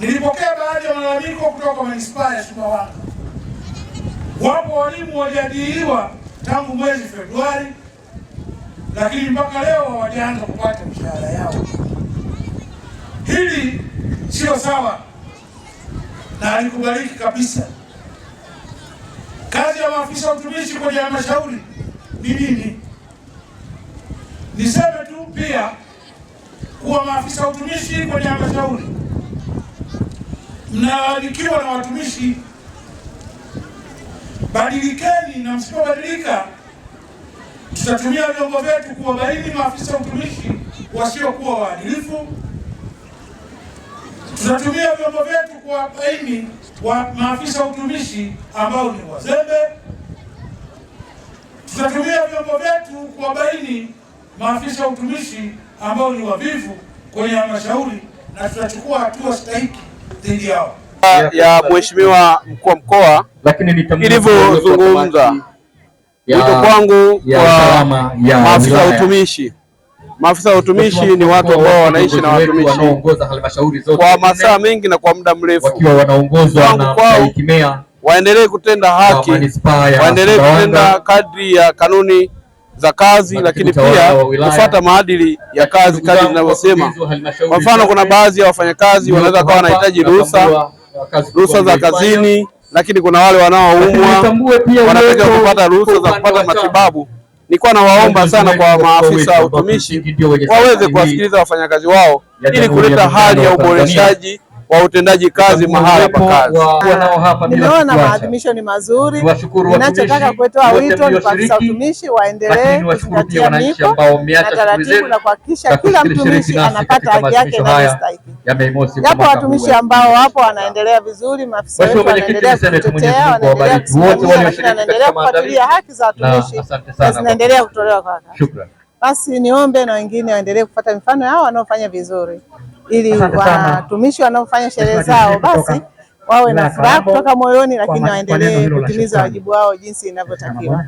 Nilipokea baadhi ya malalamiko kutoka kwa manispaa ya Sumbawanga. Wapo walimu waliajiriwa tangu mwezi Februari, lakini mpaka leo hawajaanza kupata mishahara yao. Hili sio sawa na halikubaliki kabisa. Kazi ya maafisa utumishi kwenye halmashauri ni nini? Niseme tu pia kuwa maafisa utumishi kwenye halmashauri na na watumishi, badilikeni, na msipobadilika tutatumia vyombo vyetu kuwabaini maafisa utumishi wasiokuwa waadilifu. Tutatumia vyombo vyetu kuwabaini wa maafisa utumishi ambao ni wazembe. Tutatumia vyombo vyetu kuwabaini maafisa utumishi ambao ni wavivu kwenye halmashauri, na tutachukua hatua stahiki ya mheshimiwa mkuu wa mkoa ilivyozungumza, wito kwangu kwa maafisa utumishi. Maafisa ya utumishi ni watu ambao wanaishi na watumishi kwa masaa mengi na kwa muda mrefu, kwangu kwao waendelee kutenda haki, waendelee kutenda kadri ya kanuni za kazi Maki, lakini pia kufuata maadili ya kazi kazi zinavyosema. Kwa mfano, kuna baadhi ya wafanyakazi wanaweza kuwa wanahitaji ruhusa ruhusa za kazini, lakini kuna wale wanaoumwa wanatakiwa kupata ruhusa za kupata matibabu. Nilikuwa nawaomba sana kwa maafisa wa utumishi waweze kuwasikiliza wafanyakazi wao ili kuleta hali ya uboreshaji wa utendaji kazi mahala pa kazi. Nimeona maadhimisho ni mazuri, ninachotaka kutoa wito ni maafisa utumishi waendelee kuzingatia miko na taratibu na kuhakikisha kila mtumishi anapata haki yake inayostahiki. Yapo watumishi ambao wapo wanaendelea vizuri, maafisa wetu wanaendelea kutetea, wanaendelea kusimamia, wanaendelea kufuatilia haki za watumishi na zinaendelea kutolewa kwa wakati. Basi niombe na wengine waendelee kufuata mifano yao wanaofanya vizuri ili watumishi wanaofanya sherehe zao basi wawe na furaha kutoka moyoni, lakini waendelee kutimiza wajibu wao jinsi inavyotakiwa.